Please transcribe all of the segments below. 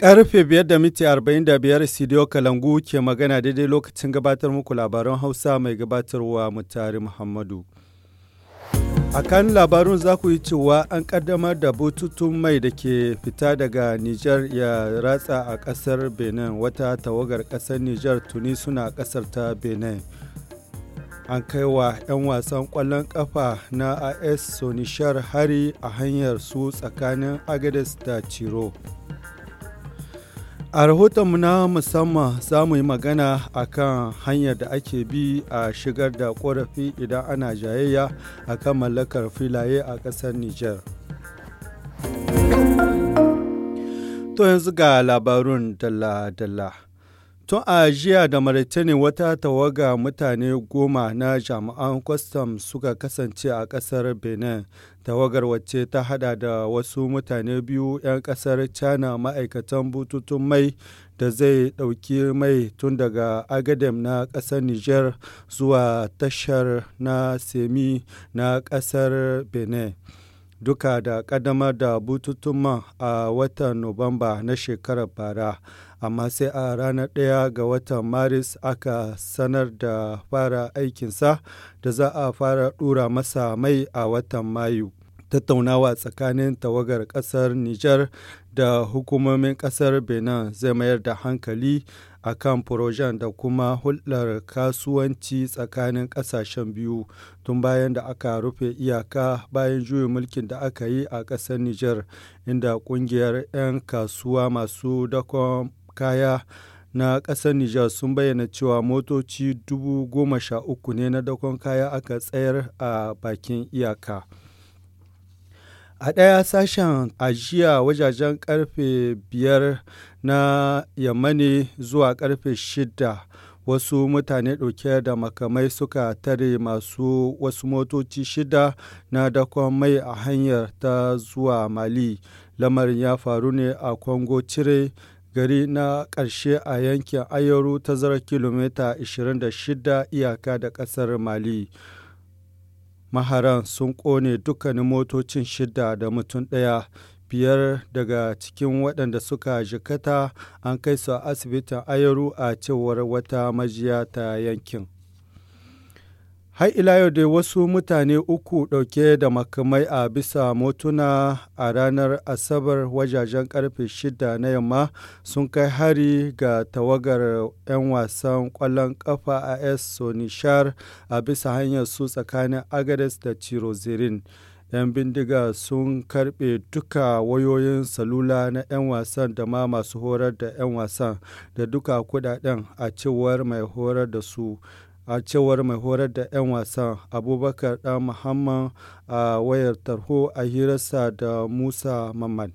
Karfe biyar da miti biyar Sidiyo Kalangu ke magana daidai lokacin gabatar muku labaran Hausa mai gabatarwa mutari Muhammadu. A kan labarun za ku yi cewa an kaddamar da bututun mai da ke fita daga Nijar ya ratsa a ƙasar Benin wata tawagar ƙasar Nijar tuni suna ƙasar ta Benin. An kai wa 'yan wasan ƙwallon ƙafa na AS Sonishar hari a hanyar su tsakanin Agades da Ciro. A rahotonmu na musamman za mu yi magana a kan hanyar da ake bi a shigar da ƙorafi idan ana jayayya a kan mallakar filaye a ƙasar Nijar. To yanzu ga labarun dalla-dalla. Tun a jiya da Mauritania wata tawaga mutane goma na jami'an kwastam suka kasance a ƙasar Benin. Tawagar wacce ta hada da wasu mutane biyu 'yan ƙasar China ma'aikatan bututun mai da zai ɗauki mai tun daga Agadem na ƙasar Niger zuwa tashar na Semi na ƙasar Benin. duka da ƙaddamar da bututun a watan Nuwamba na shekarar bara. amma sai a ranar ɗaya ga watan maris aka sanar da fara aikinsa da za a fara ɗura masa mai a watan mayu tattaunawa tsakanin tawagar ƙasar niger da hukumomin ƙasar benin zai mayar da hankali a kan furojen da kuma hulɗar kasuwanci tsakanin ƙasashen biyu tun bayan da aka rufe iyaka bayan juyin mulkin da aka yi a ƙasar Nijar inda ƙungiyar 'yan kasuwa masu dakon kaya na ƙasar Nijar sun bayyana cewa motoci dubu goma sha uku ne na dakon kaya aka tsayar a bakin iyaka. a ɗaya sashen ajiya wajajen karfe biyar na yamani zuwa karfe shida wasu mutane ɗauke da makamai suka tare masu wasu motoci shida na dakon mai a hanyar ta zuwa mali lamarin ya faru ne a congo cire gari na ƙarshe a yankin ayaru tazarar kilomita 26 iyaka da ƙasar mali maharan sun kone dukkanin motocin shida da mutum ɗaya biyar daga cikin waɗanda suka jikata an kai su asibitin ayaru a cewar wata majiya ta yankin Har ila yau dai wasu mutane uku ɗauke da makamai a bisa motuna a ranar Asabar wajajen karfe shida na yamma sun kai hari ga tawagar 'yan wasan ƙwallon ƙafa a S. Sonishar a bisa hanyar su tsakanin Agades da Tirozirin. 'yan bindiga sun karbe duka wayoyin salula na 'yan wasan da ma masu horar da 'yan wasan da duka kudaden a cewar mai horar da su a cewar mai horar da 'yan wasan abubakar dan muhammad a wayar tarho a hirarsa da musa mamman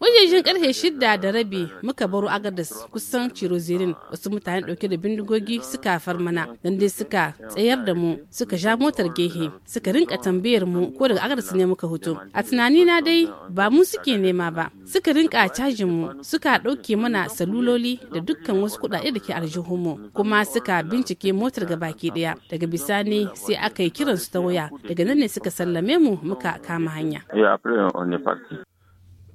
Wajejen karfe shida da rabi muka baro agadas kusan cirozirin wasu mutane dauke da bindigogi suka far mana don dai suka tsayar da mu suka sha motar gehe suka rinka tambayar mu ko daga agadas ne muka hoto. A tunani na dai ba mu suke nema ba suka rinka cajin mu suka dauke mana saluloli da dukkan wasu kudade da ke aljihun mu kuma suka bincike motar gabaki daya daga bisani sai aka yi kiransu ta waya daga nan ne suka sallame mu muka kama hanya.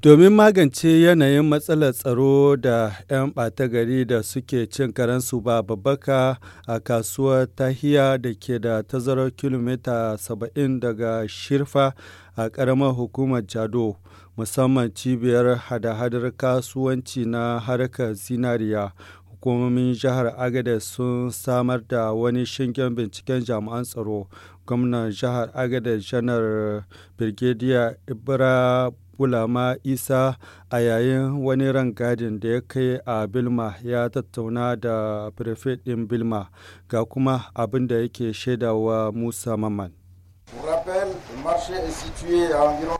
Domin magance yanayin matsalar tsaro da 'yan ɓata-gari da suke cin karansu ba babbaka a kasuwar tahiya da ke da tazarar kilomita 70 daga shirfa a ƙaramar hukumar jado musamman cibiyar hada-hadar kasuwanci na harkar zinariya hukumomin jihar agada sun samar da wani shingen binciken jami'an tsaro gwamnan jihar agada janar birgediya ibra Bulama Isa a yayin wani rangadin da ya kai a Bilma ya tattauna da Prefet ɗin Bilma ga kuma abin da yake shaidawa Musa mamman.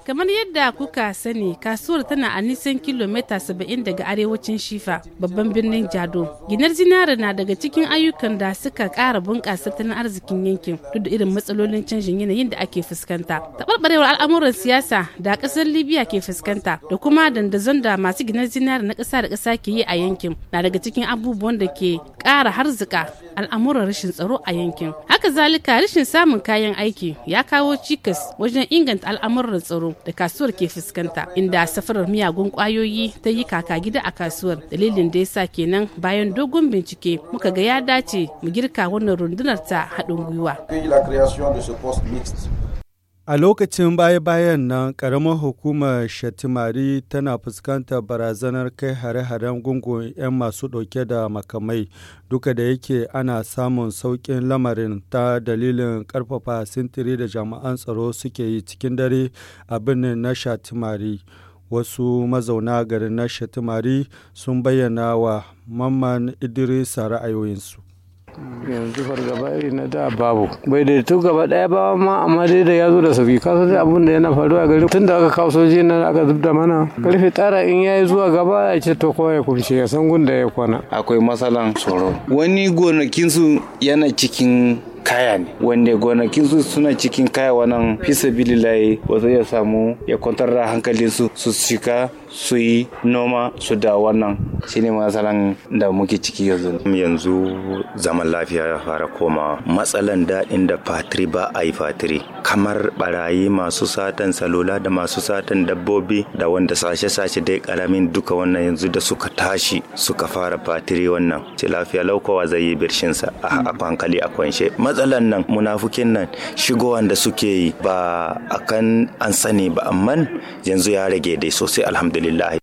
Kamar yadda kuka sani, kasuwar tana a nisan kilomita 70 daga arewacin Shifa, babban birnin Jado. Ginar zinara na daga cikin ayyukan da suka ƙara bunƙasa ta arzikin yankin duk da irin matsalolin canjin yanayin da ake fuskanta. Taɓarɓarewar al'amuran siyasa da ƙasar Libya ke fuskanta da kuma dandazon da masu ginar zinara na ƙasa da ƙasa ke yi a yankin na daga cikin abubuwan da ke ƙara harzika al'amuran rashin tsaro a yankin. Haka zalika rashin samun kayan aiki ya kawo cikas wajen inganta al'amuran tsaro da kasuwar ke fuskanta inda safarar miyagun kwayoyi ta yi kaka gida a kasuwar dalilin da yasa kenan bayan dogon bincike muka ga ya dace mu girka wannan rundunar ta haɗin gwiwa. A lokacin baya-bayan nan, ƙaramar hukumar Shatimari tana fuskantar barazanar kai hare-haren gungun 'yan masu ɗauke da makamai, duka da yake ana samun sauƙin lamarin ta dalilin ƙarfafa sintiri da jami'an tsaro suke yi cikin dare a birnin na Shatimari. Wasu mazauna garin na Shatimari sun bayyana wa Mamman Idris ra'ayoyinsu. yanzu fargaba iri na da babu bai tu gaba daya ba ma amma dai da ya zo da sauki ka san abin da yana faruwa a gari tun da aka kawo soji na aka zubda mana karfe tara in ya yi zuwa gaba ya ce to kowa ya kumce ya san gunda ya kwana akwai matsalan tsoro wani gonakin su yana cikin kaya ne wanda gonakin su suna cikin kaya wannan fisa bililayi ba ya samu ya kwantar da hankalin su su shiga su yi noma su da wannan shine matsalan da muke ciki yanzu yanzu zaman lafiya ya fara koma matsalan daɗin da fatiri ba a yi fatiri kamar barayi masu satan salula da masu satan dabbobi da wanda sashe-sashe dai karamin duka wannan yanzu da suka tashi suka fara fatiri wannan ce lafiya laukowa zai yi birshinsa a hankali a kwanshe matsalan nan munafukin nan shigowan da suke yi ba akan an sani ba amma yanzu ya rage dai sosai alhamdulillah.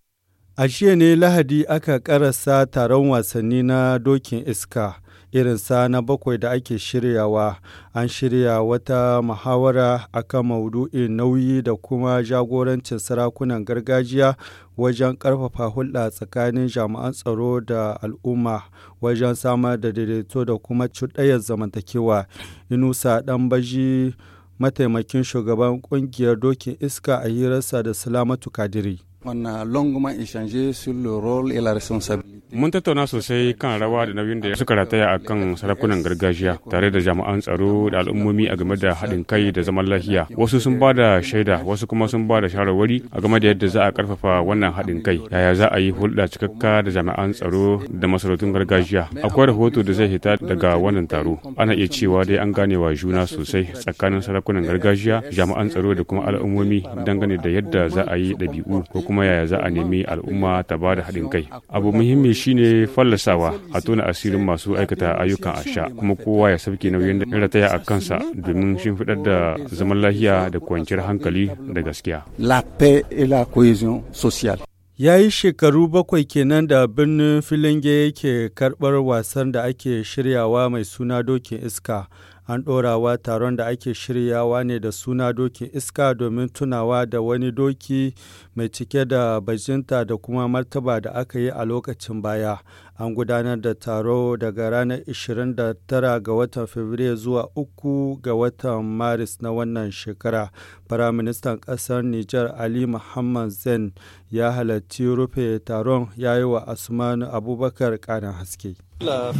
A ne Lahadi aka karasa taron wasanni na dokin iska irin sa na bakwai da ake shiryawa an shirya wata muhawara akan maudu'in nauyi da kuma jagorancin sarakunan gargajiya wajen karfafa hulɗa tsakanin jami'an tsaro da al'umma wajen samar da daidaito da kuma cuɗayar zamantakewa inusa ɗan baji mataimakin shugaban ƙungiyar dokin iska a hirarsa da salamatu kadiri On a longuement échangé sur le rôle et la responsabilité. Mun tattauna sosai kan rawa da nauyin da suka rataya a kan sarakunan gargajiya tare da jami'an tsaro da al'ummomi a game da haɗin kai da zaman lafiya. Wasu sun ba da shaida, wasu kuma sun ba da shawarwari a game da yadda za a karfafa wannan haɗin kai. Yaya za a yi hulɗa cikakka da jami'an tsaro da masarautun gargajiya. Akwai rahoto da zai hita daga wannan taro. Ana iya cewa dai an gane wa juna sosai tsakanin sarakunan gargajiya, jami'an tsaro da kuma al'ummomi dangane da yadda za a yi ɗabi'u ko kuma kuma yaya za a nemi al'umma ta ba da haɗin kai abu muhimmi shine fallasawa a tona asirin masu aikata ayyukan asha kuma kowa ya sauke nauyin da rataya a kansa domin shimfiɗar da zaman lafiya da kwanciyar hankali da gaskiya la paix et la cohesion sociale ya yi shekaru bakwai kenan da birnin filinge yake karɓar wasan da ake shiryawa mai suna dokin iska an ɗorawa taron da ake shiryawa ne da suna dokin iska domin tunawa da wani doki mai cike da bajinta da kuma martaba da aka yi a lokacin baya an gudanar da taro daga ranar 29 ga watan fabrairu zuwa 3 ga watan maris na wannan shekara firaministan ƙasar niger ali muhammad zain ya halarci rufe taron ya yi wa asmanu abubakar ƙarin haske euh,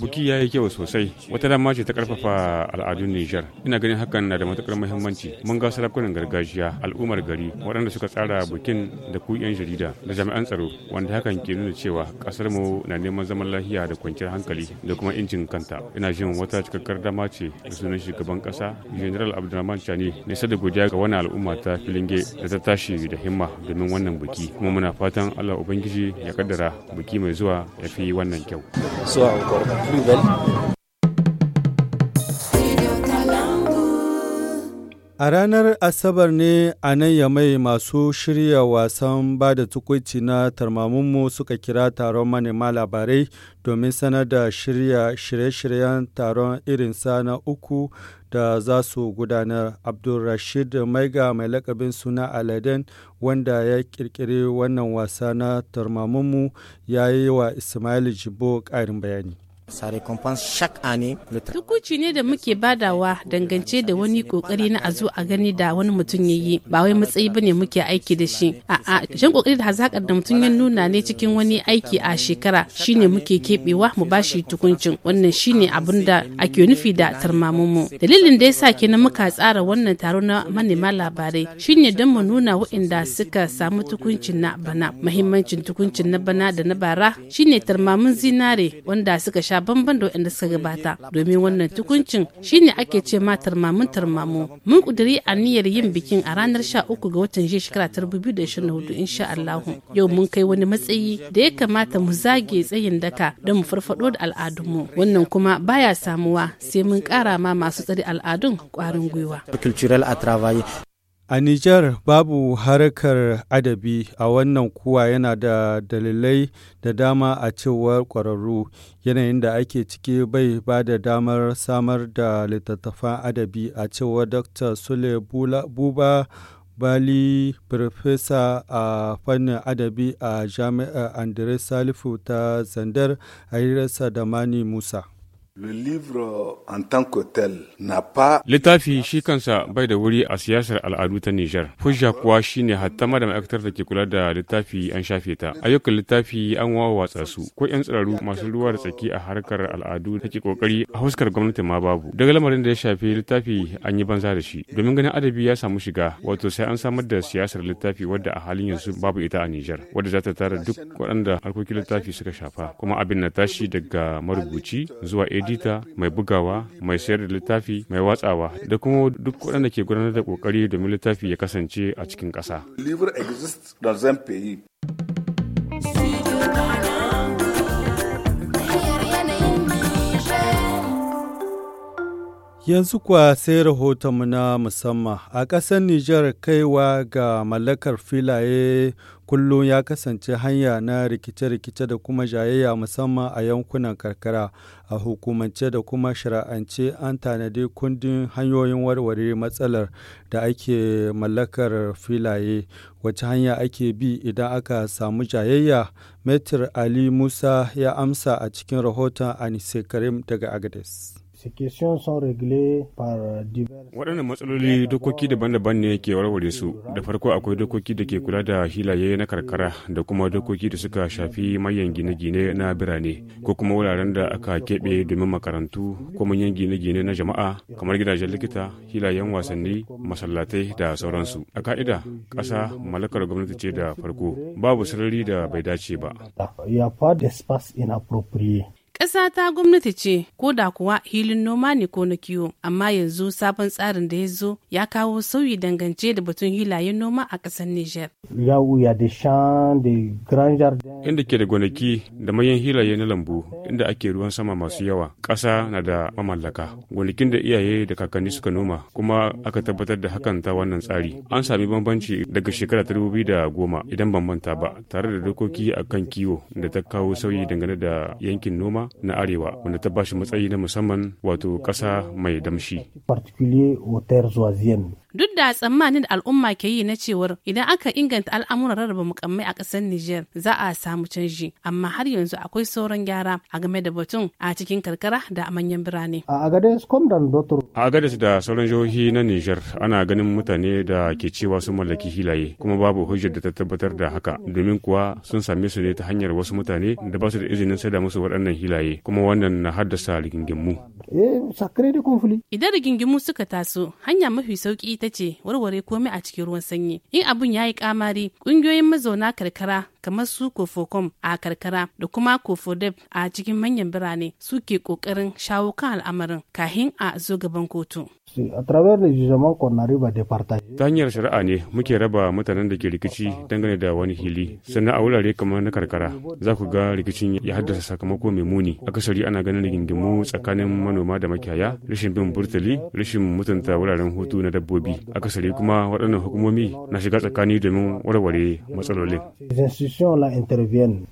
Buki ya yi kyau sosai, wata dama ce ta karfafa al'adun Nijar. Ina ganin hakan na da matukar muhimmanci. Mun ga sarakunan gargajiya, al'ummar gari, waɗanda suka tsara bukin da ku 'yan jarida da jami'an tsaro. wanda hakan ke nuna cewa kasar mu na neman zaman lafiya da kwanciyar hankali da kuma injin kanta ina jin wata cikakkar dama ce da sunan shugaban kasa general abdulrahman chani nisa da godiya ga wani al'umma ta filinge da ta tashi da himma domin wannan biki kuma muna fatan allah ubangiji ya kaddara biki mai zuwa ya fi wannan kyau A ranar Asabar ne a nan mai masu shirya wasan ba da tukuici na tarmamunmu suka kira taron manema labarai domin sanar da shirya shirye-shiryen taron irin sa na uku da za su gudanar. Abdulrashid Maiga mai lakabin suna Aladen wanda ya kirkiri wannan wasa na tarmamunmu ya yi wa Ismail Jibo ƙarin bayani. Tukuci ne da muke badawa dangance da wani kokari na azu a gani da wani mutum ya yi ba wai matsayi bane muke aiki da shi a'a jan kokari da hazakar da mutum ya nuna ne cikin wani aiki a shekara shine muke kebewa mu bashi tukuncin wannan shine abin da ake nufi da tarmamin mu dalilin da yasa kenan muka tsara wannan taro na manema labarai shine don mu nuna waɗanda suka samu tukuncin na bana muhimmancin tukuncin na bana da na bara shine tarmamin zinare wanda suka sha sha bamban da waɗanda suka gabata domin wannan tukuncin shine ake ce ma tarmamin mamu mun kuduri aniyar yin bikin a ranar 13 ga watan jiya shekara ta 2024 insha allahu yau mun kai wani matsayi da ya kamata mu zage tsayin daka don mu farfaɗo da al'adun mu wannan kuma baya samuwa sai mun kara ma masu tsari al'adun kwarin gwiwa A Nijar babu harkar adabi a wannan kuwa yana da dalilai da dama a cewar ƙwararru yanayin da ake ciki bai ba da damar samar da littattafan adabi a cewar Dr. Sule Buba Bali Profesa a fannin adabi a Jami'ar Andire Salifu ta Zandar a hirarsa da Mani Musa. Littafi shi kansa bai da wuri a siyasar al'adu ta Nijar. Hujja kuwa shine hatta ma da ma'aikatar da ke kula da littafi an shafe ta. Ayyukan littafi an wawatsa su ko 'yan tsiraru masu ruwa da tsaki a harkar al'adu ke kokari a huskar gwamnati ma babu. Daga lamarin da ya shafi littafi an yi banza da shi. Domin ganin adabi ya samu shiga wato sai an samar da siyasar littafi wadda a halin yanzu babu ita a Nijar wadda za ta tara duk waɗanda harkokin littafi suka shafa kuma abin na tashi daga marubuci zuwa edita mai bugawa mai sayar da littafi mai watsawa da kuma duk waɗanda ke gudanar da ƙoƙari domin littafi ya kasance a cikin ƙasa Yanzu kuwa sai rahotonmu na musamman a ƙasar Nijar kaiwa ga mallakar filaye kullum ya kasance hanya na rikice-rikice da kuma jayayya musamman a yankunan karkara a hukumance da kuma shari'ance an tanadi kundin hanyoyin warware matsalar da ake mallakar filaye wace hanya ake bi idan aka samu jayayya metir ali musa ya amsa a cikin rahoton anise karim daga agades waɗanda matsaloli dokoki daban-daban ne ke warware su. Da farko akwai dokoki da ke kula da hilaye na karkara da kuma dokoki da suka shafi manyan gine-gine na birane ko kuma wuraren da aka keɓe domin makarantu ko manyan gine-gine na jama'a kamar gidajen likita, hilayen wasanni, masallatai da sauransu. A ka'ida, ƙasa mallakar gwamnati ce da farko. Babu sarari da bai dace ba. Ƙasa ta gwamnati ce ko da kuwa hilin noma ne ko na kiwo, amma yanzu sabon tsarin da ya zo ya kawo sauyi dangance da batun hilayen noma a ƙasar Nijar. Inda ke da gwanaki da manyan hilaye na lambu inda ake ruwan sama masu yawa, ƙasa na da mamallaka. Gonakin da iyaye da kakanni suka noma kuma aka tabbatar da hakan ta wannan tsari. An sami bambanci daga shekara ta dubu da goma idan ban manta ba, tare da dokoki akan kiwo da ta kawo sauyi dangane da yankin noma na Arewa wanda ta bashi matsayi na musamman wato ƙasa mai damshi. duk da tsammanin da al'umma ke yi na cewar idan aka inganta al'amuran rarraba mukammai a ƙasar Nijar za a samu canji amma har yanzu akwai sauran gyara a game da batun a cikin karkara da manyan birane. A Agades da sauran jihohi na Nijar ana ganin mutane da ke cewa sun mallaki hilaye kuma babu hujjar da ta tabbatar da haka domin kuwa sun same su ne ta hanyar wasu mutane da ba su da izinin saida musu waɗannan hilaye kuma wannan na haddasa rigingimu. Eh, idan rigingimu suka taso hanya mafi sauki ita ce warware komai a cikin ruwan sanyi in abun ya yi kamari ƙungiyoyin mazauna karkara kamar su kofokom a karkara da kuma kofodep a cikin manyan birane suke kokarin shawo kan al'amarin kahin a zo gaban kotu ta hanyar shari'a ne muke raba mutanen da ke rikici dangane da wani hili sannan a wurare kamar na karkara za ku ga rikicin ya haddasa sakamako mai muni akasari ana ganin rigingimu tsakanin manoma da makiyaya rashin bin burtali rashin mutunta wuraren hutu na dabbobi akasari kuma waɗannan hukumomi na shiga tsakani domin warware matsalolin associations là intervienne.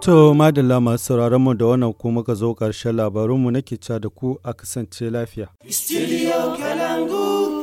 To madalla masu sauraron mu da wannan kuma ka zo ƙarshen labarunmu ke ca da ku a kasance lafiya. Studio Kalangu.